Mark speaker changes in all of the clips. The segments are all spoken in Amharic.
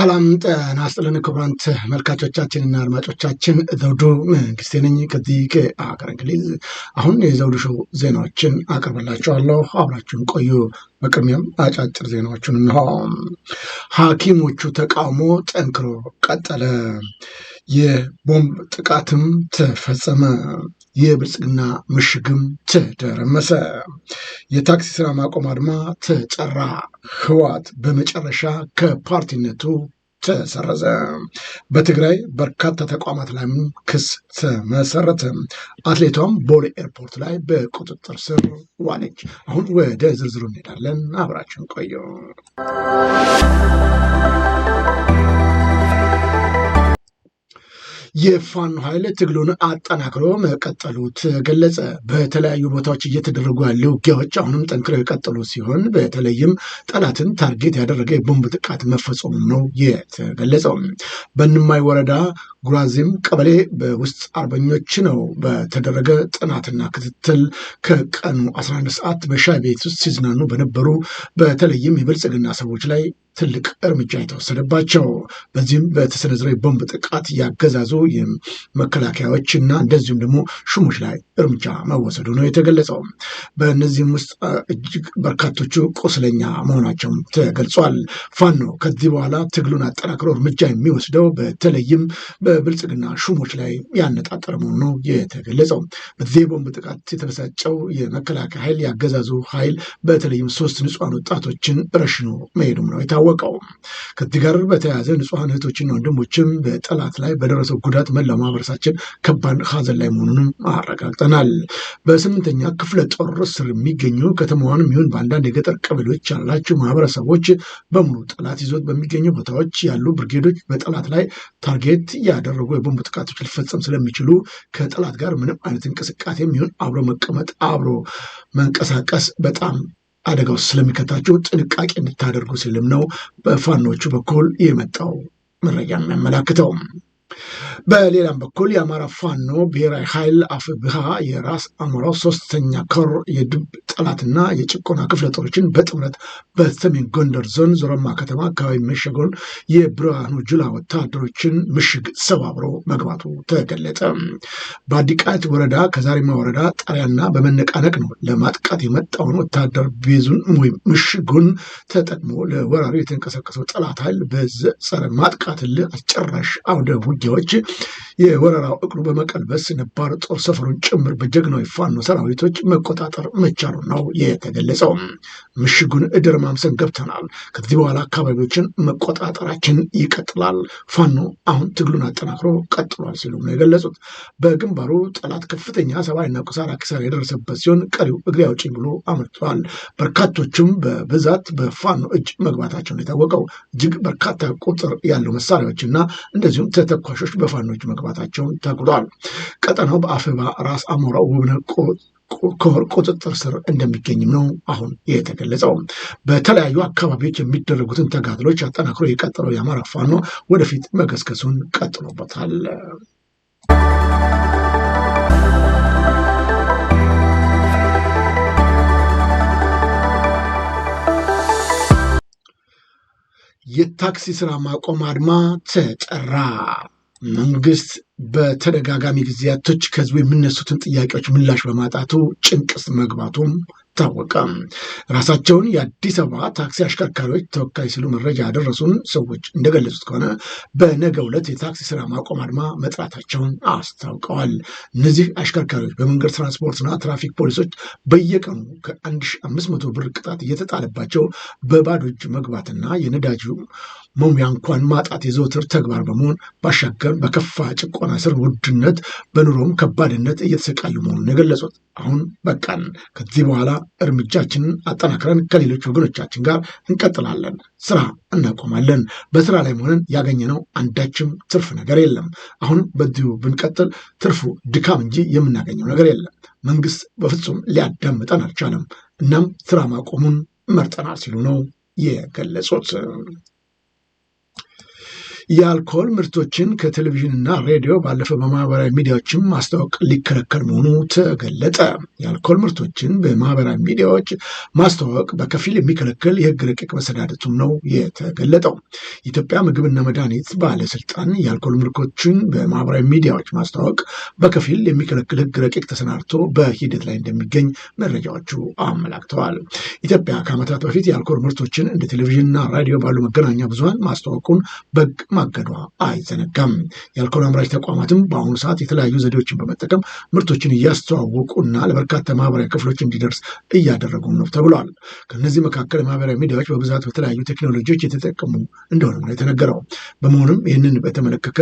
Speaker 1: ሰላም ጤና ይስጥልን ክቡራን ተመልካቾቻችንና አድማጮቻችን ዘውዱ መንግስቴ ነኝ። ከዚህ ከአገረ እንግሊዝ አሁን የዘውዱ ሾው ዜናዎችን አቀርብላችኋለሁ። አብራችሁን ቆዩ። በቅድሚያም አጫጭር ዜናዎቹን እንሆ። ሀኪሞቹ ተቃውሞ ጠንክሮ ቀጠለ። የቦምብ ጥቃትም ተፈጸመ። የብልጽግና ምሽግም ተደረመሰ። የታክሲ ስራ ማቆም አድማ ተጠራ። ህወሓት በመጨረሻ ከፓርቲነቱ ተሰረዘ። በትግራይ በርካታ ተቋማት ላይም ክስ ተመሰረተ። አትሌቷም ቦሌ ኤርፖርት ላይ በቁጥጥር ስር ዋለች። አሁን ወደ ዝርዝሩ እንሄዳለን። አብራችን ቆየው። የፋኖ ኃይል ትግሉን አጠናክሮ መቀጠሉ ተገለጸ። በተለያዩ ቦታዎች እየተደረጉ ያለ ውጊያዎች አሁንም ጠንክረው የቀጠሉ ሲሆን በተለይም ጠላትን ታርጌት ያደረገ የቦምብ ጥቃት መፈጸሙ ነው የተገለጸው። በእንማይ ወረዳ ጉራዚም ቀበሌ በውስጥ አርበኞች ነው በተደረገ ጥናትና ክትትል ከቀኑ 11 ሰዓት በሻይ ቤት ውስጥ ሲዝናኑ በነበሩ በተለይም የብልጽግና ሰዎች ላይ ትልቅ እርምጃ የተወሰደባቸው በዚህም በተሰነዘረ የቦምብ ጥቃት ያገዛዙ የመከላከያዎች እና እንደዚሁም ደግሞ ሹሞች ላይ እርምጃ መወሰዱ ነው የተገለጸው። በእነዚህም ውስጥ እጅግ በርካቶቹ ቁስለኛ መሆናቸውም ተገልጿል። ፋኖ ከዚህ በኋላ ትግሉን አጠናክሮ እርምጃ የሚወስደው በተለይም በብልጽግና ሹሞች ላይ ያነጣጠረ መሆኑ ነው የተገለጸው። በዚህ የቦምብ ጥቃት የተበሳጨው የመከላከያ ኃይል ያገዛዙ ኃይል በተለይም ሶስት ንጹሐን ወጣቶችን ረሽኖ መሄዱም ነው የታወቀው። ከዚህ ጋር በተያያዘ ንጹሐን እህቶችና ወንድሞችም በጠላት ላይ በደረሰው ጉዳት መላው ማህበረሰባችን ከባድ ሀዘን ላይ መሆኑንም አረጋግጠናል። በስምንተኛ ክፍለ ጦር ስር የሚገኙ ከተማዋን የሚሆን በአንዳንድ የገጠር ቀበሌዎች ያላቸው ማህበረሰቦች በሙሉ ጠላት ይዞት በሚገኙ ቦታዎች ያሉ ብርጌዶች በጠላት ላይ ታርጌት ያደረጉ የቦምብ ጥቃቶች ሊፈጸም ስለሚችሉ ከጠላት ጋር ምንም አይነት እንቅስቃሴ የሚሆን አብሮ መቀመጥ አብሮ መንቀሳቀስ በጣም አደጋ ውስጥ ስለሚከታቸው ጥንቃቄ እንድታደርጉ ሲልም ነው በፋኖቹ በኩል የመጣው መረጃ የሚያመላክተው። በሌላም በኩል የአማራ ፋኖ ብሔራዊ ኃይል አፍብሃ የራስ አሞራው ሶስተኛ ኮር የድብ ጠላትና የጭቆና ክፍለ ጦሮችን በጥምረት በሰሜን ጎንደር ዞን ዞረማ ከተማ አካባቢ መሸገውን የብርሃኑ ጁላ ወታደሮችን ምሽግ ሰባብሮ መግባቱ ተገለጠ። በአዲቃት ወረዳ ከዛሬማ ወረዳ ጣሪያና በመነቃነቅ ነው ለማጥቃት የመጣውን ወታደር ቤዙን ወይም ምሽጉን ተጠቅሞ ለወራሪ የተንቀሳቀሰው ጠላት ኃይል ጸረ ማጥቃት አስጨራሽ አውደቡ ውጊያዎች የወረራው እቅዱ በመቀልበስ ነባር ጦር ሰፈሩን ጭምር በጀግናዊ ፋኖ ሰራዊቶች መቆጣጠር መቻሉ ነው የተገለጸው። ምሽጉን እድር ማምሰን ገብተናል። ከዚህ በኋላ አካባቢዎችን መቆጣጠራችን ይቀጥላል። ፋኖ አሁን ትግሉን አጠናክሮ ቀጥሏል ሲሉ ነው የገለጹት። በግንባሩ ጠላት ከፍተኛ ሰብአዊና ቁሳራ ኪሳራ የደረሰበት ሲሆን ቀሪው እግሬ አውጪኝ ብሎ አመልክተዋል። በርካቶችም በብዛት በፋኖ እጅ መግባታቸው ነው የታወቀው። እጅግ በርካታ ቁጥር ያለው መሳሪያዎችና እንደዚሁም ተተኳ ተኳሾች በፋኖች መግባታቸውን ተግሏል። ቀጠናው በአፈባ ራስ አሞራ ውብነ ቁጥጥር ስር እንደሚገኝም ነው አሁን የተገለጸው። በተለያዩ አካባቢዎች የሚደረጉትን ተጋድሎች አጠናክሮ የቀጠለው የአማራ ፋኖ ወደፊት መገስገሱን ቀጥሎበታል። የታክሲ ስራ ማቆም አድማ ተጠራ። መንግስት በተደጋጋሚ ጊዜያቶች ከህዝቡ የሚነሱትን ጥያቄዎች ምላሽ በማጣቱ ጭንቅስ መግባቱም ታወቀ። ራሳቸውን የአዲስ አበባ ታክሲ አሽከርካሪዎች ተወካይ ሲሉ መረጃ ያደረሱን ሰዎች እንደገለጹት ከሆነ በነገ ዕለት የታክሲ ስራ ማቆም አድማ መጥራታቸውን አስታውቀዋል። እነዚህ አሽከርካሪዎች በመንገድ ትራንስፖርትና ትራፊክ ፖሊሶች በየቀኑ ከ1500 ብር ቅጣት እየተጣለባቸው በባዶ እጅ መግባትና የነዳጁ መሙያ እንኳን ማጣት የዘወትር ተግባር በመሆን ባሻገር በከፋ ጭቆና ስር ውድነት፣ በኑሮም ከባድነት እየተሰቃዩ መሆኑን የገለጹት አሁን በቃን፣ ከዚህ በኋላ እርምጃችንን አጠናክረን ከሌሎች ወገኖቻችን ጋር እንቀጥላለን፣ ስራ እናቆማለን። በስራ ላይ መሆንን ያገኘነው አንዳችም ትርፍ ነገር የለም። አሁን በዚሁ ብንቀጥል ትርፉ ድካም እንጂ የምናገኘው ነገር የለም። መንግስት በፍጹም ሊያዳምጠን አልቻለም። እናም ስራ ማቆሙን መርጠናል ሲሉ ነው የገለጹት። የአልኮል ምርቶችን ከቴሌቪዥንና ሬዲዮ ባለፈ በማህበራዊ ሚዲያዎችም ማስታወቅ ሊከለከል መሆኑ ተገለጠ። የአልኮል ምርቶችን በማህበራዊ ሚዲያዎች ማስታወቅ በከፊል የሚከለክል የህግ ረቂቅ መሰዳደቱም ነው የተገለጠው። የኢትዮጵያ ምግብና መድኃኒት ባለስልጣን የአልኮል ምርቶችን በማህበራዊ ሚዲያዎች ማስተዋወቅ በከፊል የሚከለክል ህግ ረቂቅ ተሰናድቶ በሂደት ላይ እንደሚገኝ መረጃዎቹ አመላክተዋል። ኢትዮጵያ ከዓመታት በፊት የአልኮል ምርቶችን እንደ ቴሌቪዥንና ራዲዮ ባሉ መገናኛ ብዙሀን ማስታወቁን በግ ማገዷ አይዘነጋም። የአልኮል አምራች ተቋማትም በአሁኑ ሰዓት የተለያዩ ዘዴዎችን በመጠቀም ምርቶችን እያስተዋወቁና ለበርካታ ማህበራዊ ክፍሎች እንዲደርስ እያደረጉም ነው ተብሏል። ከእነዚህ መካከል የማህበራዊ ሚዲያዎች በብዛት በተለያዩ ቴክኖሎጂዎች የተጠቀሙ እንደሆነ ነው የተነገረው። በመሆኑም ይህንን በተመለከተ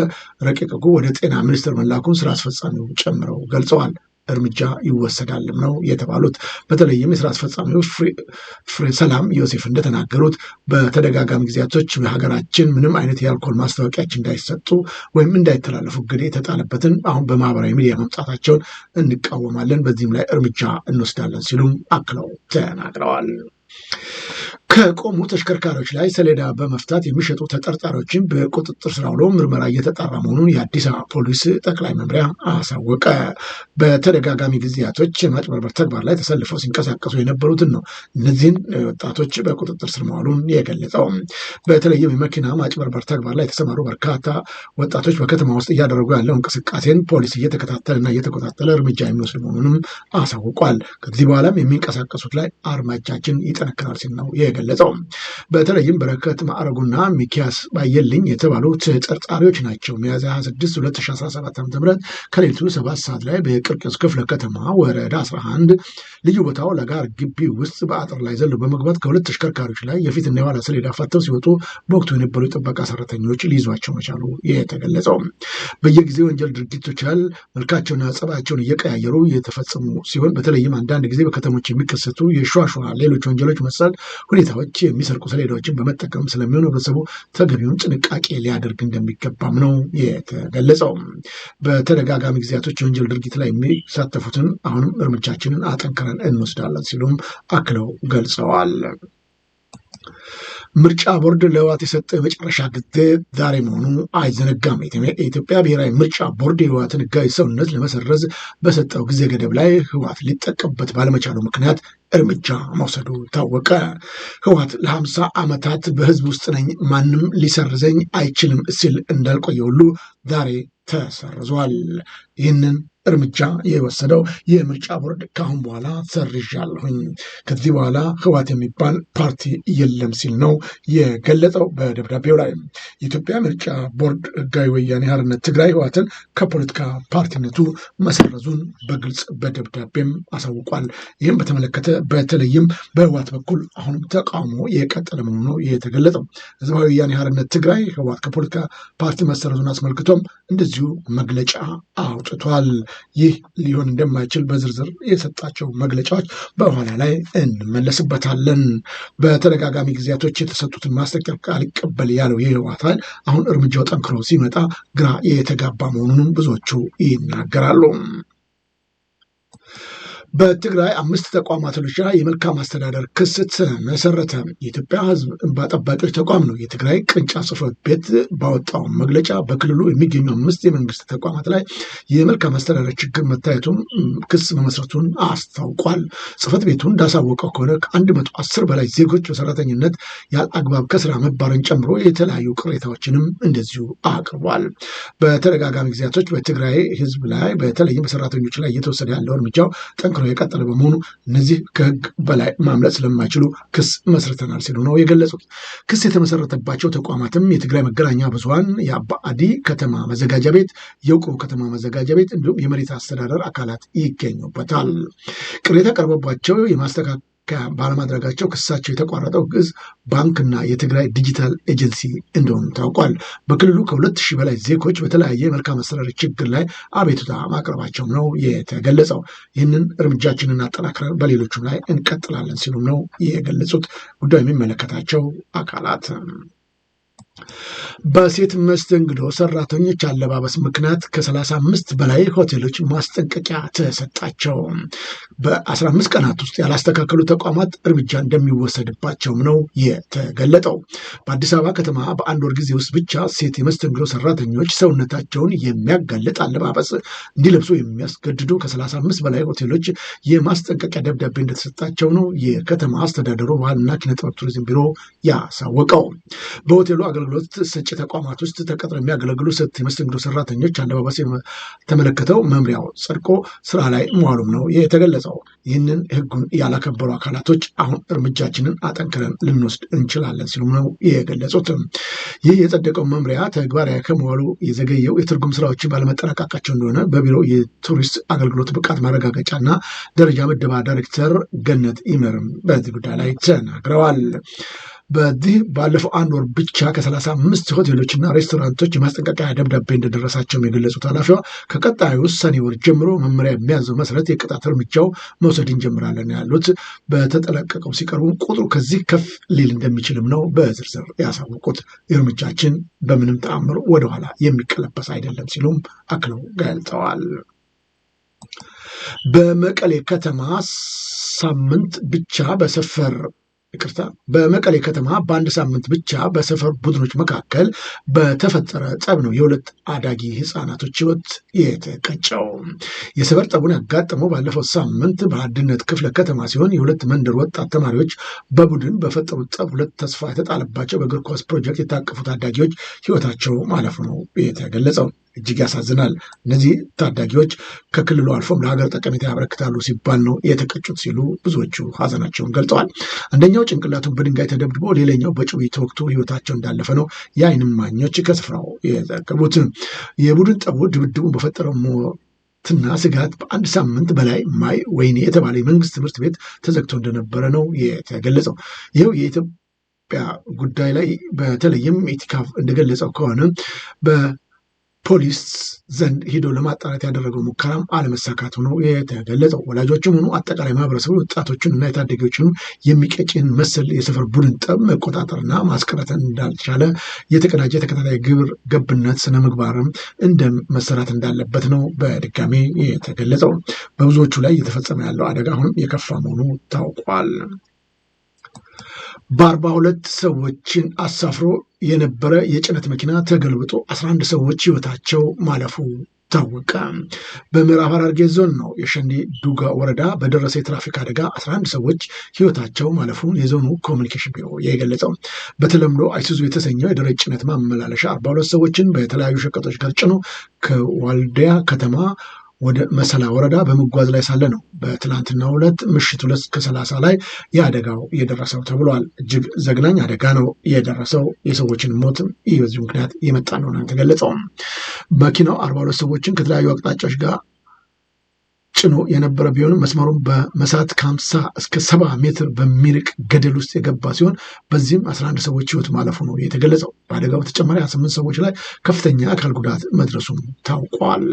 Speaker 1: ረቂቅ ወደ ጤና ሚኒስቴር መላኩን ስራ አስፈጻሚው ጨምረው ገልጸዋል። እርምጃ ይወሰዳልም ነው የተባሉት። በተለይም የስራ አስፈጻሚዎች ፍሬ ሰላም ዮሴፍ እንደተናገሩት በተደጋጋሚ ጊዜያቶች በሀገራችን ምንም አይነት የአልኮል ማስታወቂያዎች እንዳይሰጡ ወይም እንዳይተላለፉ እግድ የተጣለበትን አሁን በማህበራዊ ሚዲያ መምጣታቸውን እንቃወማለን፣ በዚህም ላይ እርምጃ እንወስዳለን ሲሉም አክለው ተናግረዋል። ከቆሙ ተሽከርካሪዎች ላይ ሰሌዳ በመፍታት የሚሸጡ ተጠርጣሪዎችን በቁጥጥር ስር ውሎ ምርመራ እየተጣራ መሆኑን የአዲስ አበባ ፖሊስ ጠቅላይ መምሪያ አሳወቀ። በተደጋጋሚ ጊዜያቶች ማጭበርበር ተግባር ላይ ተሰልፈው ሲንቀሳቀሱ የነበሩትን ነው እነዚህን ወጣቶች በቁጥጥር ስር መዋሉን የገለጸው። በተለይም የመኪና ማጭበርበር ተግባር ላይ የተሰማሩ በርካታ ወጣቶች በከተማ ውስጥ እያደረጉ ያለው እንቅስቃሴን ፖሊስ እየተከታተለና እየተቆጣጠለ እርምጃ የሚወስድ መሆኑንም አሳውቋል። ከዚህ በኋላም የሚንቀሳቀሱት ላይ እርምጃችን ይጠነክራል ሲል ነው مجلتهم በተለይም በረከት ማዕረጉና ሚኪያስ ባየልኝ የተባሉ ተጠርጣሪዎች ናቸው። ሚያዝያ 26 2017 ዓ ም ከሌሊቱ ሰባት ሰዓት ላይ በቅርቅስ ክፍለ ከተማ ወረዳ 11 ልዩ ቦታው ለጋር ግቢ ውስጥ በአጥር ላይ ዘሎ በመግባት ከሁለት ተሽከርካሪዎች ላይ የፊትና የኋላ ሰሌዳ ፈተው ሲወጡ በወቅቱ የነበሩ የጥበቃ ሰራተኞች ሊይዟቸው መቻሉ የተገለጸው በየጊዜ ወንጀል ድርጊቶች ያህል መልካቸውና ጸባያቸውን እየቀያየሩ የተፈጸሙ ሲሆን በተለይም አንዳንድ ጊዜ በከተሞች የሚከሰቱ የሸዋሸዋ ሌሎች ወንጀሎች መሰል ሁኔታዎች የሚሰርቁ ሰሌዳዎችን በመጠቀም ስለሚሆን ህብረተሰቡ ተገቢውን ጥንቃቄ ሊያደርግ እንደሚገባም ነው የተገለጸው። በተደጋጋሚ ጊዜያቶች የወንጀል ድርጊት ላይ የሚሳተፉትን አሁንም እርምጃችንን አጠንክረን እንወስዳለን ሲሉም አክለው ገልጸዋል። ምርጫ ቦርድ ለህወሓት የሰጠው የመጨረሻ ጊዜ ዛሬ መሆኑ አይዘነጋም። የኢትዮጵያ ብሔራዊ ምርጫ ቦርድ የህወሓትን ህጋዊ ሰውነት ለመሰረዝ በሰጠው ጊዜ ገደብ ላይ ህወሓት ሊጠቀምበት ባለመቻሉ ምክንያት እርምጃ መውሰዱ ታወቀ። ህወሓት ለሀምሳ ዓመታት በህዝብ ውስጥ ነኝ ማንም ሊሰርዘኝ አይችልም ሲል እንዳልቆየ ሁሉ ዛሬ ተሰርዟል። ይህንን እርምጃ የወሰደው የምርጫ ቦርድ ከአሁን በኋላ ሰርዣለሁኝ፣ ከዚህ በኋላ ህወሓት የሚባል ፓርቲ የለም ሲል ነው የገለጸው በደብዳቤው ላይ። የኢትዮጵያ ምርጫ ቦርድ ህጋዊ ወያኔ ሓርነት ትግራይ ህወሓትን ከፖለቲካ ፓርቲነቱ መሰረዙን በግልጽ በደብዳቤም አሳውቋል። ይህም በተመለከተ በተለይም በህወሓት በኩል አሁንም ተቃውሞ የቀጠለ መሆኑ የተገለጠው። ህዝባዊ ወያኔ ሓርነት ትግራይ ህወሓት ከፖለቲካ ፓርቲ መሰረቱን አስመልክቶም እንደዚሁ መግለጫ አውጥቷል። ይህ ሊሆን እንደማይችል በዝርዝር የሰጣቸው መግለጫዎች በኋላ ላይ እንመለስበታለን። በተደጋጋሚ ጊዜያቶች የተሰጡትን ማስጠንቀቂያ አልቀበል ያለው የህወሓት ኃይል አሁን እርምጃው ጠንክሮ ሲመጣ ግራ የተጋባ መሆኑንም ብዙዎቹ ይናገራሉ። በትግራይ አምስት ተቋማት ሉሻ የመልካም አስተዳደር ክስ መሰረተ። የኢትዮጵያ ሕዝብ እንባ ጠባቂዎች ተቋም ነው የትግራይ ቅርንጫፍ ጽሕፈት ቤት ባወጣው መግለጫ በክልሉ የሚገኙ አምስት የመንግስት ተቋማት ላይ የመልካም አስተዳደር ችግር መታየቱን ክስ መመስረቱን አስታውቋል። ጽሕፈት ቤቱ እንዳሳወቀው ከሆነ ከአንድ መቶ አስር በላይ ዜጎች በሰራተኝነት ያለ አግባብ ከስራ መባረን ጨምሮ የተለያዩ ቅሬታዎችንም እንደዚሁ አቅርቧል። በተደጋጋሚ ጊዜያቶች በትግራይ ሕዝብ ላይ በተለይም በሰራተኞች ላይ እየተወሰደ ያለው እርምጃው ተሞክሮ የቀጠለ በመሆኑ እነዚህ ከህግ በላይ ማምለጥ ስለማይችሉ ክስ መስርተናል ሲሉ ነው የገለጹት። ክስ የተመሰረተባቸው ተቋማትም የትግራይ መገናኛ ብዙሃን የአባአዲ ከተማ መዘጋጃ ቤት፣ የውቅሮ ከተማ መዘጋጃ ቤት እንዲሁም የመሬት አስተዳደር አካላት ይገኙበታል። ቅሬታ ቀርበባቸው የማስተካከል ባለማድረጋቸው ክሳቸው የተቋረጠው ግዕዝ ባንክና የትግራይ ዲጂታል ኤጀንሲ እንደሆኑ ታውቋል። በክልሉ ከሁለት ሺህ በላይ ዜጎች በተለያየ የመልካም አስተዳደር ችግር ላይ አቤቱታ ማቅረባቸውም ነው የተገለጸው። ይህንን እርምጃችንን አጠናክረን በሌሎቹም ላይ እንቀጥላለን ሲሉም ነው የገለጹት ጉዳዩ የሚመለከታቸው አካላት በሴት መስተንግዶ ሰራተኞች አለባበስ ምክንያት ከ35 በላይ ሆቴሎች ማስጠንቀቂያ ተሰጣቸው። በ15 ቀናት ውስጥ ያላስተካከሉ ተቋማት እርምጃ እንደሚወሰድባቸውም ነው የተገለጠው። በአዲስ አበባ ከተማ በአንድ ወር ጊዜ ውስጥ ብቻ ሴት የመስተንግዶ ሰራተኞች ሰውነታቸውን የሚያጋልጥ አለባበስ እንዲለብሱ የሚያስገድዱ ከ35 በላይ ሆቴሎች የማስጠንቀቂያ ደብዳቤ እንደተሰጣቸው ነው የከተማ አስተዳደሩ ባህልና ኪነጥበብ ቱሪዝም ቢሮ ያሳወቀው በሆቴሉ አገልግሎት ሰጪ ተቋማት ውስጥ ተቀጥረው የሚያገለግሉ ሴት የመስተንግዶ ሰራተኞች አለባበስ የተመለከተው መምሪያው ጸድቆ ስራ ላይ መዋሉም ነው የተገለጸው። ይህንን ህጉን ያላከበሩ አካላቶች አሁን እርምጃችንን አጠንክረን ልንወስድ እንችላለን ሲሉም ነው የገለጹት። ይህ የጸደቀው መምሪያ ተግባራዊ ከመዋሉ የዘገየው የትርጉም ስራዎችን ባለመጠናቀቃቸው እንደሆነ በቢሮ የቱሪስት አገልግሎት ብቃት ማረጋገጫ ማረጋገጫና ደረጃ ምደባ ዳይሬክተር ገነት ይመርም በዚህ ጉዳይ ላይ ተናግረዋል። በዚህ ባለፈው አንድ ወር ብቻ ከሰላሳ አምስት ሆቴሎችና ሬስቶራንቶች የማስጠንቀቂያ ደብዳቤ እንደደረሳቸውም የገለጹት ኃላፊዋ ከቀጣዩ ሰኔ ወር ጀምሮ መመሪያ የሚያዘው መሰረት የቅጣት እርምጃው መውሰድ እንጀምራለን ያሉት በተጠለቀቀው ሲቀርቡ ቁጥሩ ከዚህ ከፍ ሊል እንደሚችልም ነው በዝርዝር ያሳወቁት። እርምጃችን በምንም ተአምር ወደኋላ የሚቀለበስ አይደለም ሲሉም አክለው ገልጠዋል። በመቀሌ ከተማ ሳምንት ብቻ በሰፈር ይቅርታ በመቀሌ ከተማ በአንድ ሳምንት ብቻ በሰፈር ቡድኖች መካከል በተፈጠረ ጸብ ነው የሁለት አዳጊ ህፃናቶች ህይወት የተቀጨው። የሰፈር ጸቡን ያጋጠመው ባለፈው ሳምንት በአንድነት ክፍለ ከተማ ሲሆን የሁለት መንደር ወጣት ተማሪዎች በቡድን በፈጠሩት ጸብ ሁለት ተስፋ የተጣለባቸው በእግር ኳስ ፕሮጀክት የታቀፉ አዳጊዎች ህይወታቸው ማለፉ ነው የተገለጸው። እጅግ ያሳዝናል። እነዚህ ታዳጊዎች ከክልሉ አልፎም ለሀገር ጠቀሜታ ያበረክታሉ ሲባል ነው የተቀጩት ሲሉ ብዙዎቹ ሀዘናቸውን ገልጸዋል። አንደኛው ጭንቅላቱን በድንጋይ ተደብድቦ፣ ሌላኛው በጩቤት ወቅቱ ህይወታቸው እንዳለፈ ነው የዓይን እማኞች ከስፍራው የዘገቡት። የቡድን ጠቦ ድብድቡን በፈጠረው ትና ስጋት በአንድ ሳምንት በላይ ማይ ወይኔ የተባለ የመንግስት ትምህርት ቤት ተዘግቶ እንደነበረ ነው የተገለጸው። ይኸው የኢትዮጵያ ጉዳይ ላይ በተለይም ኢቲካፍ እንደገለጸው ከሆነ ፖሊስ ዘንድ ሄዶ ለማጣራት ያደረገው ሙከራም አለመሳካት ሆኖ የተገለጸው ወላጆችም ሆኑ አጠቃላይ ማህበረሰቡ ወጣቶችን እና የታደጊዎችንም የሚቀጭን መሰል የሰፈር ቡድን ጠብ መቆጣጠርና ማስቀረት እንዳልቻለ የተቀናጀ ተከታታይ ግብር ገብነት ስነ ምግባርም እንደ መሰራት እንዳለበት ነው በድጋሜ የተገለጸው። በብዙዎቹ ላይ እየተፈጸመ ያለው አደጋ አሁንም የከፋ መሆኑ ታውቋል። በአርባ ሁለት ሰዎችን አሳፍሮ የነበረ የጭነት መኪና ተገልብጦ 11 ሰዎች ህይወታቸው ማለፉ ታወቀ። በምዕራብ ሐረርጌ ዞን ነው የሸንዴ ዱጋ ወረዳ በደረሰ የትራፊክ አደጋ 11 ሰዎች ህይወታቸው ማለፉን የዞኑ ኮሚኒኬሽን ቢሮ የገለጸው። በተለምዶ አይሱዙ የተሰኘው የደረቅ ጭነት ማመላለሻ 42 ሰዎችን በተለያዩ ሸቀጦች ጋር ጭኖ ከዋልዲያ ከተማ ወደ መሰላ ወረዳ በመጓዝ ላይ ሳለ ነው በትላንትና ሁለት ምሽት ሁለት ከሰላሳ ላይ የአደጋው የደረሰው ተብሏል። እጅግ ዘግናኝ አደጋ ነው የደረሰው። የሰዎችን ሞት በዚሁ ምክንያት የመጣ ነው ተገለጸው። መኪናው አርባ ሁለት ሰዎችን ከተለያዩ አቅጣጫዎች ጋር ጭኖ የነበረ ቢሆንም መስመሩን በመሳት ከአምሳ እስከ ሰባ ሜትር በሚርቅ ገደል ውስጥ የገባ ሲሆን በዚህም 11 ሰዎች ህይወት ማለፉ ነው የተገለጸው። በአደጋው በተጨማሪ 28 ሰዎች ላይ ከፍተኛ አካል ጉዳት መድረሱም ታውቋል።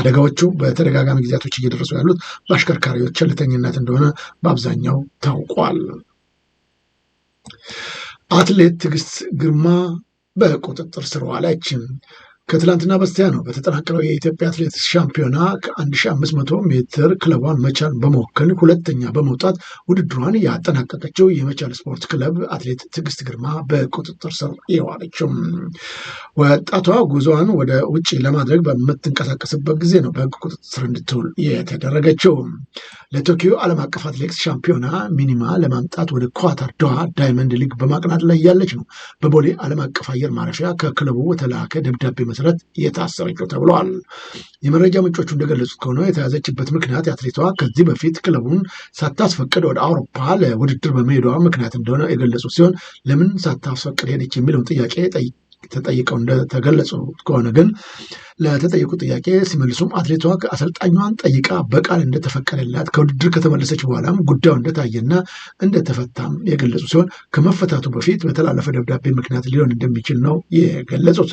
Speaker 1: አደጋዎቹ በተደጋጋሚ ጊዜያቶች እየደረሱ ያሉት በአሽከርካሪዎች ቸልተኝነት እንደሆነ በአብዛኛው ታውቋል። አትሌት ትዕግስት ግርማ በቁጥጥር ስር ዋለች። ከትላንትና በስቲያ ነው በተጠናቀረው የኢትዮጵያ አትሌቲክስ ሻምፒዮና ከ1500 ሜትር ክለቧን መቻል በመወከል ሁለተኛ በመውጣት ውድድሯን ያጠናቀቀችው የመቻል ስፖርት ክለብ አትሌት ትዕግስት ግርማ በቁጥጥር ስር የዋለችው ወጣቷ ጉዞዋን ወደ ውጭ ለማድረግ በምትንቀሳቀስበት ጊዜ ነው በህግ ቁጥጥር ስር እንድትውል የተደረገችው። ለቶኪዮ ዓለም አቀፍ አትሌቲክስ ሻምፒዮና ሚኒማ ለማምጣት ወደ ኳታር ዶሃ ዳይመንድ ሊግ በማቅናት ላይ ያለች ነው በቦሌ ዓለም አቀፍ አየር ማረፊያ ከክለቡ በተላከ ደብዳቤ መሰ መሰረት የታሰረች ነው ተብለዋል። የመረጃ ምንጮቹ እንደገለጹት ከሆነ የተያዘችበት ምክንያት አትሌቷ ከዚህ በፊት ክለቡን ሳታስፈቅድ ወደ አውሮፓ ለውድድር በመሄዷ ምክንያት እንደሆነ የገለጹ ሲሆን ለምን ሳታስፈቅድ ሄደች የሚለውን ጥያቄ ተጠይቀው እንደተገለጹ ከሆነ ግን ለተጠየቁ ጥያቄ ሲመልሱም አትሌቷ አሰልጣኟን ጠይቃ በቃል እንደተፈቀደላት ከውድድር ከተመለሰች በኋላም ጉዳዩ እንደታየና እንደተፈታም የገለጹ ሲሆን ከመፈታቱ በፊት በተላለፈ ደብዳቤ ምክንያት ሊሆን እንደሚችል ነው የገለጹት።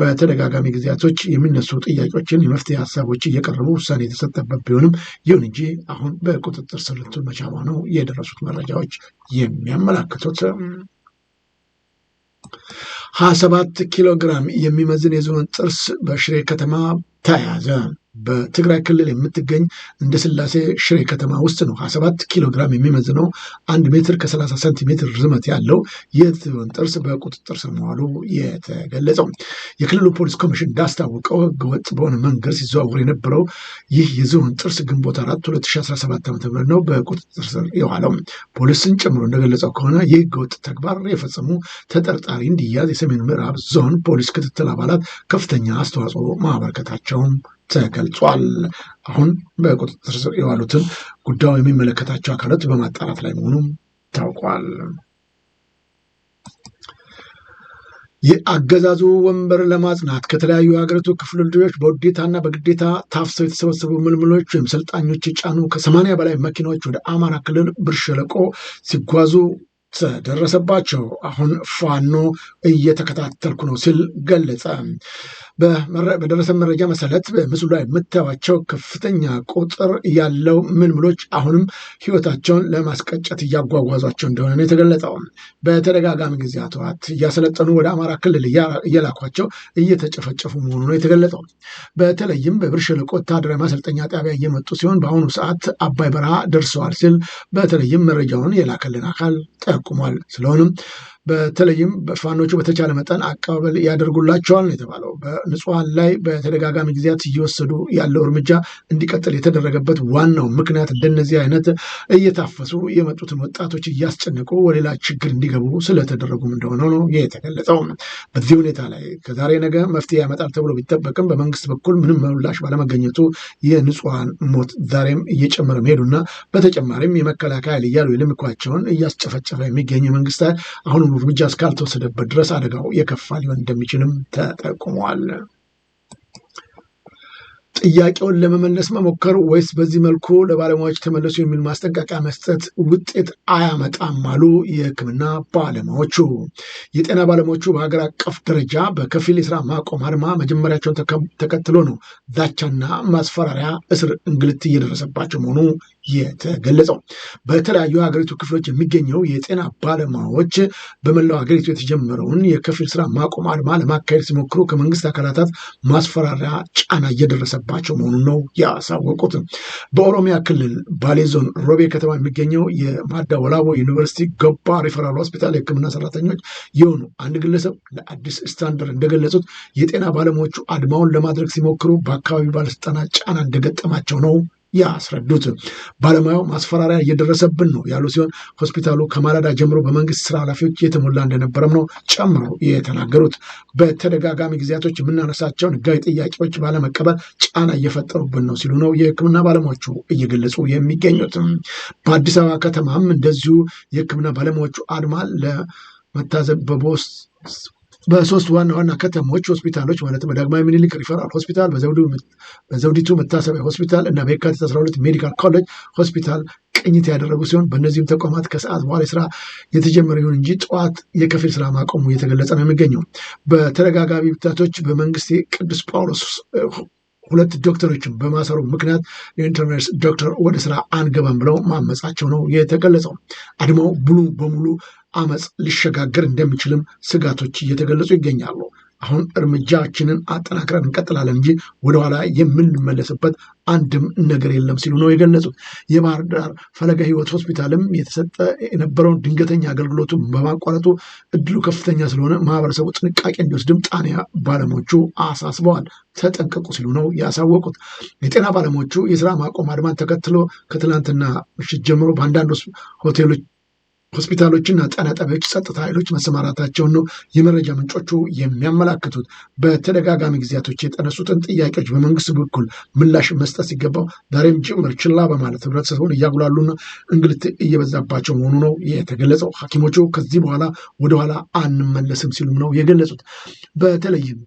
Speaker 1: በተደጋጋሚ ጊዜያቶች የሚነሱ ጥያቄዎችን የመፍትሄ ሀሳቦች እየቀረቡ ውሳኔ የተሰጠበት ቢሆንም ይሁን እንጂ አሁን በቁጥጥር ስር ልትውል መቻሏ ነው የደረሱት መረጃዎች የሚያመላክቱት። 27 ኪሎ ግራም የሚመዝን የዝሆን ጥርስ በሽሬ ከተማ ተያዘ። በትግራይ ክልል የምትገኝ እንደ ስላሴ ሽሬ ከተማ ውስጥ ነው። 27 ኪሎ ግራም የሚመዝነው አንድ ሜትር ከ30 ሴንቲሜትር ርዝመት ያለው የትሆን ጥርስ በቁጥጥር ስር መዋሉ የተገለጸው የክልሉ ፖሊስ ኮሚሽን እንዳስታወቀው ህገወጥ በሆነ መንገድ ሲዘዋወር የነበረው ይህ የዝሆን ጥርስ ግንቦት 4 2017 ዓ ም ነው በቁጥጥር ስር የዋለው። ፖሊስን ጨምሮ እንደገለጸው ከሆነ ይህ ህገወጥ ተግባር የፈጸሙ ተጠርጣሪ እንዲያዝ የሰሜን ምዕራብ ዞን ፖሊስ ክትትል አባላት ከፍተኛ አስተዋጽኦ ማበረከታቸውም ተገልጿል። አሁን በቁጥጥር ስር የዋሉትን ጉዳዩ የሚመለከታቸው አካላት በማጣራት ላይ መሆኑም ታውቋል። የአገዛዙ ወንበር ለማጽናት ከተለያዩ የሀገሪቱ ክፍል ልጆች በውዴታና በግዴታ ታፍሰው የተሰበሰቡ ምልምሎች ወይም ሰልጣኞች የጫኑ ከሰማንያ በላይ መኪናዎች ወደ አማራ ክልል ብር ሸለቆ ሲጓዙ ተደረሰባቸው። አሁን ፋኖ እየተከታተልኩ ነው ሲል ገለጸ። በደረሰን መረጃ መሰረት በምስሉ ላይ የምታዩቸው ከፍተኛ ቁጥር ያለው ምልምሎች አሁንም ህይወታቸውን ለማስቀጨት እያጓጓዟቸው እንደሆነ ነው የተገለጠው በተደጋጋሚ ጊዜያት እያሰለጠኑ ወደ አማራ ክልል እየላኳቸው እየተጨፈጨፉ መሆኑ ነው የተገለጠው። በተለይም በብር ሸለቆ ወታደራዊ ማሰልጠኛ ጣቢያ እየመጡ ሲሆን በአሁኑ ሰዓት አባይ በረሃ ደርሰዋል ሲል በተለይም መረጃውን የላከልን አካል ጠቁሟል። ስለሆነም በተለይም ፋኖቹ በተቻለ መጠን አቀባበል ያደርጉላቸዋል ነው የተባለው። በንጹሐን ላይ በተደጋጋሚ ጊዜያት እየወሰዱ ያለው እርምጃ እንዲቀጥል የተደረገበት ዋናው ምክንያት እንደነዚህ አይነት እየታፈሱ የመጡትን ወጣቶች እያስጨነቁ ወሌላ ችግር እንዲገቡ ስለተደረጉም እንደሆነ ነው የተገለጸው። በዚህ ሁኔታ ላይ ከዛሬ ነገ መፍትሄ ያመጣል ተብሎ ቢጠበቅም በመንግስት በኩል ምንም ምላሽ ባለመገኘቱ የንጹሐን ሞት ዛሬም እየጨመረ መሄዱና በተጨማሪም የመከላከያ እያሉ የልምኳቸውን እያስጨፈጨፈ የሚገኝ መንግስት አሁን እርምጃ እስካልተወሰደበት ድረስ አደጋው የከፋ ሊሆን እንደሚችልም ተጠቁሟል። ጥያቄውን ለመመለስ መሞከር ወይስ በዚህ መልኩ ለባለሙያዎች ተመለሱ የሚል ማስጠንቀቂያ መስጠት ውጤት አያመጣም አሉ የሕክምና ባለሙያዎቹ። የጤና ባለሙያዎቹ በሀገር አቀፍ ደረጃ በከፊል የስራ ማቆም አድማ መጀመሪያቸውን ተከትሎ ነው ዛቻና ማስፈራሪያ፣ እስር፣ እንግልት እየደረሰባቸው መሆኑ የተገለጸው። በተለያዩ ሀገሪቱ ክፍሎች የሚገኘው የጤና ባለሙያዎች በመላው ሀገሪቱ የተጀመረውን የከፊል ስራ ማቆም አድማ ለማካሄድ ሲሞክሩ ከመንግስት አካላታት ማስፈራሪያ ጫና እየደረሰባቸው መሆኑን ነው ያሳወቁት። በኦሮሚያ ክልል ባሌ ዞን ሮቤ ከተማ የሚገኘው የማዳ ወላቦ ዩኒቨርሲቲ ገባ ሪፈራል ሆስፒታል የህክምና ሰራተኞች የሆኑ አንድ ግለሰብ ለአዲስ ስታንደርድ እንደገለጹት የጤና ባለሙያዎቹ አድማውን ለማድረግ ሲሞክሩ በአካባቢ ባለስልጣናት ጫና እንደገጠማቸው ነው ያስረዱት። ባለሙያው ማስፈራሪያ እየደረሰብን ነው ያሉ ሲሆን ሆስፒታሉ ከማለዳ ጀምሮ በመንግስት ስራ ኃላፊዎች የተሞላ እንደነበረም ነው ጨምሮ የተናገሩት። በተደጋጋሚ ጊዜያቶች የምናነሳቸውን ህጋዊ ጥያቄዎች ባለመቀበል ጫና እየፈጠሩብን ነው ሲሉ ነው የህክምና ባለሙያዎቹ እየገለጹ የሚገኙት። በአዲስ አበባ ከተማም እንደዚሁ የህክምና ባለሙያዎቹ አድማ ለመታዘብ በቦስ በሶስት ዋና ዋና ከተሞች ሆስፒታሎች ማለትም በዳግማዊ ምኒልክ ሪፈራል ሆስፒታል፣ በዘውዲቱ መታሰቢያ ሆስፒታል እና በየካቲት 12 ሜዲካል ኮሌጅ ሆስፒታል ቅኝት ያደረጉ ሲሆን በእነዚህም ተቋማት ከሰዓት በኋላ ስራ የተጀመረ ይሁን እንጂ ጠዋት የከፊል ስራ ማቆሙ እየተገለጸ ነው የሚገኘው። በተደጋጋሚ ብታቶች በመንግስት ቅዱስ ጳውሎስ ሁለት ዶክተሮችን በማሰሩ ምክንያት የኢንተርነርስ ዶክተር ወደ ስራ አንገባም ብለው ማመጻቸው ነው የተገለጸው። አድማው ሙሉ በሙሉ አመፅ ሊሸጋገር እንደሚችልም ስጋቶች እየተገለጹ ይገኛሉ። አሁን እርምጃችንን አጠናክረን እንቀጥላለን እንጂ ወደኋላ የምንመለስበት አንድም ነገር የለም ሲሉ ነው የገለጹት። የባህር ዳር ፈለገ ሕይወት ሆስፒታልም የተሰጠ የነበረውን ድንገተኛ አገልግሎቱን በማቋረጡ እድሉ ከፍተኛ ስለሆነ ማህበረሰቡ ጥንቃቄ እንዲወስድም ጣኒያ ባለሞቹ አሳስበዋል። ተጠንቀቁ ሲሉ ነው ያሳወቁት። የጤና ባለሞቹ የስራ ማቆም አድማን ተከትሎ ከትላንትና ምሽት ጀምሮ በአንዳንድ ሆቴሎች ሆስፒታሎችና ጤና ጣቢያዎች ጸጥታ ኃይሎች መሰማራታቸውን ነው የመረጃ ምንጮቹ የሚያመላክቱት። በተደጋጋሚ ጊዜያቶች የተነሱትን ጥያቄዎች በመንግስት በኩል ምላሽ መስጠት ሲገባው ዛሬም ጭምር ችላ በማለት ህብረተሰቡን እያጉላሉና እንግልት እየበዛባቸው መሆኑ ነው የተገለጸው። ሐኪሞቹ ከዚህ በኋላ ወደኋላ አንመለስም ሲሉም ነው የገለጹት። በተለይም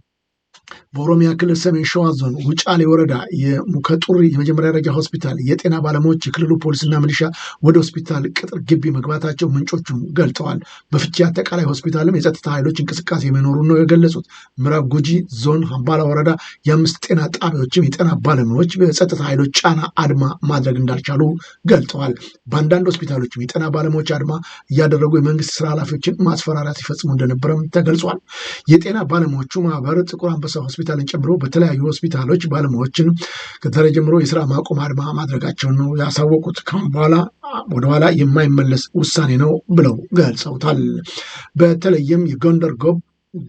Speaker 1: በኦሮሚያ ክልል ሰሜን ሸዋ ዞን ውጫሌ ወረዳ የሙከጡሪ የመጀመሪያ ደረጃ ሆስፒታል የጤና ባለሙያዎች የክልሉ ፖሊስና ሚሊሻ ወደ ሆስፒታል ቅጥር ግቢ መግባታቸው ምንጮቹም ገልጠዋል። በፍቺ አጠቃላይ ሆስፒታልም የጸጥታ ኃይሎች እንቅስቃሴ መኖሩን ነው የገለጹት። ምዕራብ ጉጂ ዞን አምባላ ወረዳ የአምስት ጤና ጣቢያዎችም የጤና ባለሙያዎች በጸጥታ ኃይሎች ጫና አድማ ማድረግ እንዳልቻሉ ገልጠዋል። በአንዳንድ ሆስፒታሎችም የጤና ባለሙያዎች አድማ እያደረጉ የመንግስት ስራ ኃላፊዎችን ማስፈራሪያ ሲፈጽሙ እንደነበረም ተገልጿል። የጤና ባለሙያዎቹ ማህበር ጥቁር አንበሳ ሆስፒታል ሆስፒታልን ጨምሮ በተለያዩ ሆስፒታሎች ባለሙያዎችን ከዛሬ ጀምሮ የስራ ማቆም አድማ ማድረጋቸውን ነው ያሳወቁት። ከአሁን በኋላ ወደኋላ የማይመለስ ውሳኔ ነው ብለው ገልጸውታል። በተለይም የጎንደር ጎብ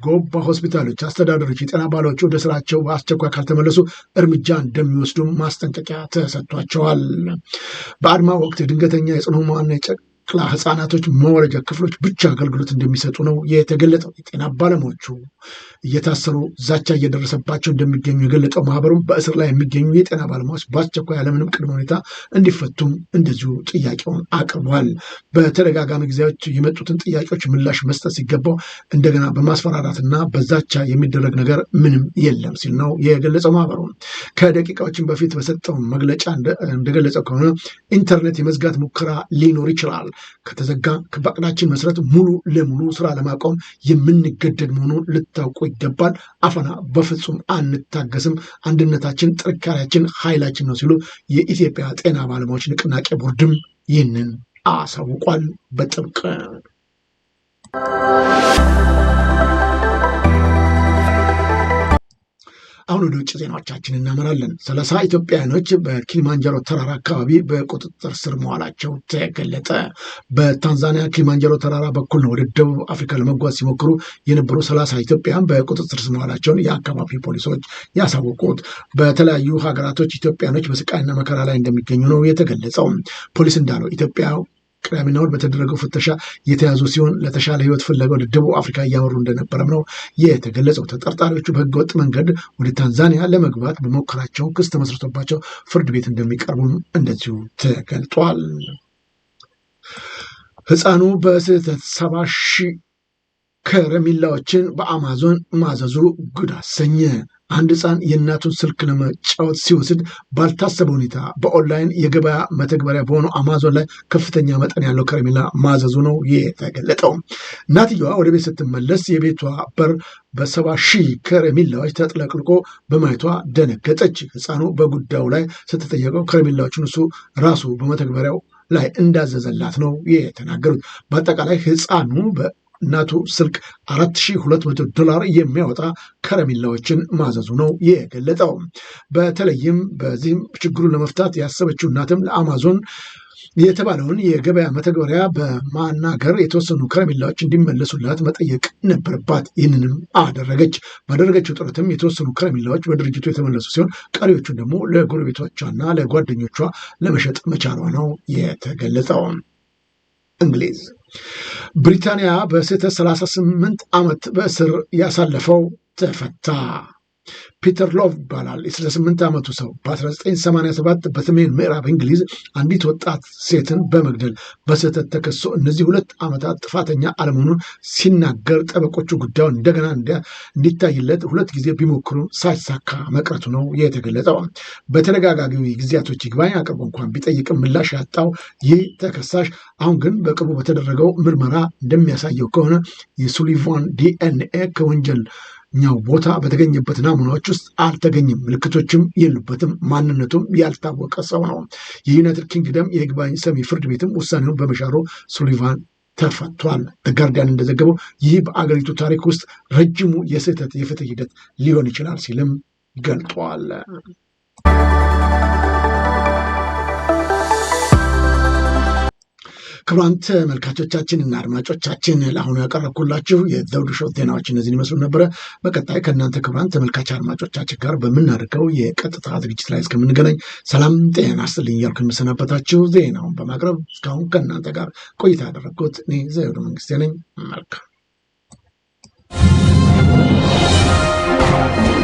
Speaker 1: ጎባ ሆስፒታሎች አስተዳደሮች የጤና ባለዎች ወደ ስራቸው በአስቸኳይ ካልተመለሱ እርምጃ እንደሚወስዱ ማስጠንቀቂያ ተሰጥቷቸዋል። በአድማ ወቅት ድንገተኛ የጽኑ ህጻናቶች መወለጃ ክፍሎች ብቻ አገልግሎት እንደሚሰጡ ነው የተገለጠው። የጤና ባለሙያዎቹ እየታሰሩ ዛቻ እየደረሰባቸው እንደሚገኙ የገለጠው ማህበሩም በእስር ላይ የሚገኙ የጤና ባለሙያዎች በአስቸኳይ ያለምንም ቅድመ ሁኔታ እንዲፈቱም እንደዚሁ ጥያቄውን አቅርቧል። በተደጋጋሚ ጊዜዎች የመጡትን ጥያቄዎች ምላሽ መስጠት ሲገባው እንደገና በማስፈራራትና በዛቻ የሚደረግ ነገር ምንም የለም ሲል ነው የገለጸው። ማህበሩ ከደቂቃዎችን በፊት በሰጠው መግለጫ እንደገለጸው ከሆነ ኢንተርኔት የመዝጋት ሙከራ ሊኖር ይችላል ከተዘጋ በዕቅዳችን መሰረት ሙሉ ለሙሉ ስራ ለማቆም የምንገደድ መሆኑን ልታውቁ ይገባል። አፈና በፍጹም አንታገስም። አንድነታችን ጥንካሬያችን፣ ኃይላችን ነው ሲሉ የኢትዮጵያ ጤና ባለሙያዎች ንቅናቄ ቦርድም ይህንን አሳውቋል በጥብቅ አሁን ወደ ውጭ ዜናዎቻችን እናመራለን። ሰላሳ ኢትዮጵያውያኖች በኪሊማንጀሮ ተራራ አካባቢ በቁጥጥር ስር መዋላቸው ተገለጠ። በታንዛኒያ ኪሊማንጀሮ ተራራ በኩል ነው ወደ ደቡብ አፍሪካ ለመጓዝ ሲሞክሩ የነበሩ ሰላሳ ኢትዮጵያውያን በቁጥጥር ስር መዋላቸውን የአካባቢ ፖሊሶች ያሳወቁት። በተለያዩ ሀገራቶች ኢትዮጵያኖች በስቃይና መከራ ላይ እንደሚገኙ ነው የተገለጸው። ፖሊስ እንዳለው ኢትዮጵያ ቅዳሜና እሑድ በተደረገው ፍተሻ የተያዙ ሲሆን ለተሻለ ህይወት ፍለጋ ወደ ደቡብ አፍሪካ እያመሩ እንደነበረም ነው የተገለጸው። ተጠርጣሪዎቹ በህገወጥ መንገድ ወደ ታንዛኒያ ለመግባት በሞከራቸው ክስ ተመስርቶባቸው ፍርድ ቤት እንደሚቀርቡም እንደዚሁ ተገልጧል። ህፃኑ በስህተት ሰባ ሺህ ከረሜላዎችን በአማዞን ማዘዙ ጉድ አሰኘ። አንድ ህፃን የእናቱን ስልክ ለመጫወት ሲወስድ ባልታሰበ ሁኔታ በኦንላይን የገበያ መተግበሪያ በሆነው አማዞን ላይ ከፍተኛ መጠን ያለው ከረሜላ ማዘዙ ነው የተገለጠው። እናትየዋ ወደ ቤት ስትመለስ የቤቷ በር በሰባ ሺህ ከረሜላዎች ተጥለቅልቆ በማየቷ ደነገጠች። ህፃኑ በጉዳዩ ላይ ስትጠየቀው ከረሜላዎችን እሱ ራሱ በመተግበሪያው ላይ እንዳዘዘላት ነው የተናገሩት። በአጠቃላይ ህፃኑ እናቱ ስልክ 4200 ዶላር የሚያወጣ ከረሜላዎችን ማዘዙ ነው የገለጠው። በተለይም በዚህም ችግሩን ለመፍታት ያሰበችው እናትም ለአማዞን የተባለውን የገበያ መተግበሪያ በማናገር የተወሰኑ ከረሜላዎች እንዲመለሱላት መጠየቅ ነበረባት። ይህንንም አደረገች። ባደረገችው ጥረትም የተወሰኑ ከረሜላዎች በድርጅቱ የተመለሱ ሲሆን ቀሪዎቹን ደግሞ ለጎረቤቶቿና ለጓደኞቿ ለመሸጥ መቻሏ ነው የተገለጸው። እንግሊዝ ብሪታንያ በስህተት 38 ዓመት በእስር ያሳለፈው ተፈታ። ፒተር ሎቭ ይባላል። የ68 ዓመቱ ሰው በ1987 በሰሜን ምዕራብ እንግሊዝ አንዲት ወጣት ሴትን በመግደል በስህተት ተከሶ እነዚህ ሁለት ዓመታት ጥፋተኛ አለመሆኑን ሲናገር ጠበቆቹ ጉዳዩን እንደገና እንዲታይለት ሁለት ጊዜ ቢሞክሩ ሳይሳካ መቅረቱ ነው የተገለጠው። በተደጋጋሚ ጊዜያቶች ይግባኝ አቅርቦ እንኳን ቢጠይቅም ምላሽ ያጣው ይህ ተከሳሽ አሁን ግን በቅርቡ በተደረገው ምርመራ እንደሚያሳየው ከሆነ የሱሊቫን ዲኤንኤ ከወንጀል ኛው ቦታ በተገኘበት ናሙናዎች ውስጥ አልተገኘም። ምልክቶችም የሉበትም። ማንነቱም ያልታወቀ ሰው ነው። የዩናይትድ ኪንግደም የይግባኝ ሰሚ ፍርድ ቤትም ውሳኔውን በመሻሩ ሱሊቫን ተፈቷል። ተጋርዲያን እንደዘገበው ይህ በአገሪቱ ታሪክ ውስጥ ረጅሙ የስህተት የፍትህ ሂደት ሊሆን ይችላል ሲልም ገልጧል። ክቡራን ተመልካቾቻችንና አድማጮቻችን ለአሁኑ ያቀረብኩላችሁ የዘውዱ ሾው ዜናዎች እነዚህን ይመስሉ ነበረ። በቀጣይ ከእናንተ ክቡራን ተመልካች አድማጮቻችን ጋር በምናደርገው የቀጥታ ዝግጅት ላይ እስከምንገናኝ ሰላም ጤና ይስጥልኝ እያልኩ የምሰናበታችሁ ዜናውን በማቅረብ እስካሁን ከእናንተ ጋር ቆይታ ያደረግኩት እኔ ዘውዱ መንግስቴ ነኝ። መልካም